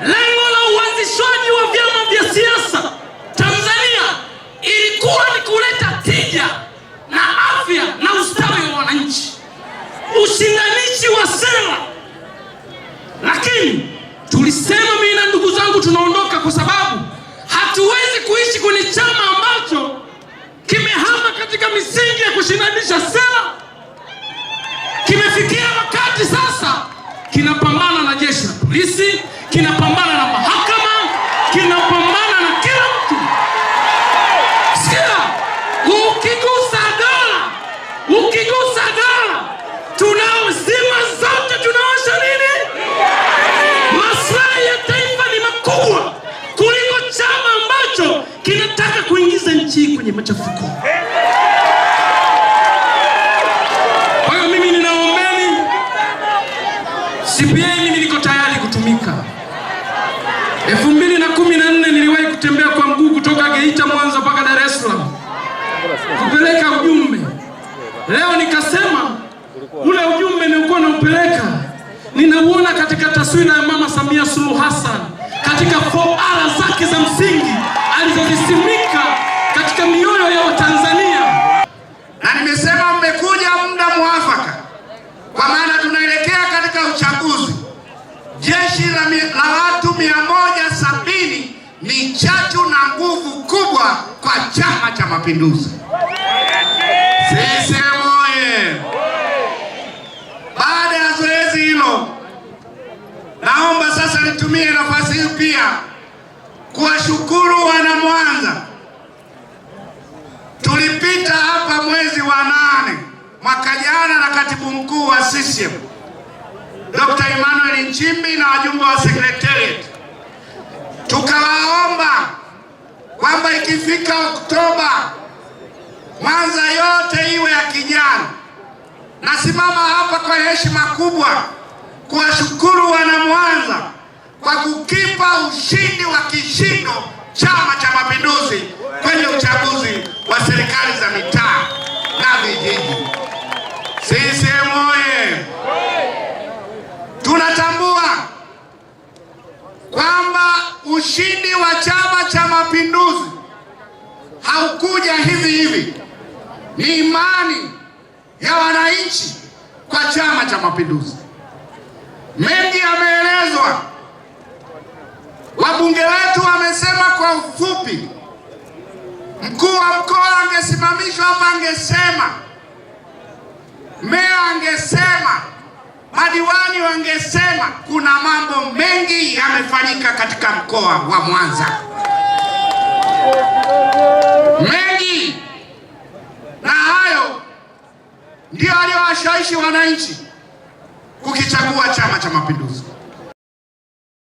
Lengo la uanzishwaji wa vyama vya siasa Tanzania ilikuwa ni kuleta tija na afya na ustawi wa wananchi, ushindanishi wa sera, lakini tulisema mimi na ndugu zangu tunaondoka kwa sababu hatuwezi kuishi kwenye chama ambacho kimehama katika misingi ya kushindanisha sera. Kimefikia wakati sasa kinapambana na jeshi la polisi kinapambana na mahakama, kinapambana na kila mtu. Sikia, ukigusa dola, ukigusa dola, tunao zima zote, tunawasha nini? Maslahi ya taifa ni makubwa kuliko chama ambacho kinataka kuingiza nchi kwenye machafuko. Kwa hiyo niko tayari kutumika elfu mbili na kumi na nne niliwahi kutembea kwa mguu kutoka Geita Mwanza mpaka Dar es Salaam kupeleka ujumbe. Leo nikasema ule ujumbe nilikuwa naupeleka ninauona katika taswira ya Mama Samia Suluhu Hassan katika 4R zake za msingi alizozisimika katika mioyo ya Watanzania, na nimesema mmekuja muda mwafaka, kwa maana tunaelekea katika uchaguzi jeshi la watu mia moja sabini ni chachu na nguvu kubwa kwa Chama cha Mapinduzi. CCM oye! Baada ya zoezi hilo, naomba sasa nitumie nafasi hii pia kuwashukuru mwanza Tulipita hapa mwezi wa nane mwaka jana na katibu mkuu wa CCM Dr. Emmanuel Nchimbi na wajumbe wa secretariat, tukawaomba kwamba ikifika Oktoba Mwanza yote iwe ya kijani. Nasimama hapa kwa heshima kubwa kuwashukuru wana Mwanza kwa kukipa ushindi wa kishindo Chama cha Mapinduzi kwenye uchaguzi wa serikali za mitaa. kwamba ushindi wa Chama cha Mapinduzi haukuja hivi hivi, ni imani ya wananchi kwa Chama cha Mapinduzi. Mengi yameelezwa, wabunge wetu wamesema kwa ufupi. Mkuu wa mkoa angesimamishwa hapa, angesema, meya angesema madiwani wangesema kuna mambo mengi yamefanyika katika mkoa wa Mwanza, mengi na hayo ndio aliyowashawishi wananchi kukichagua Chama cha Mapinduzi.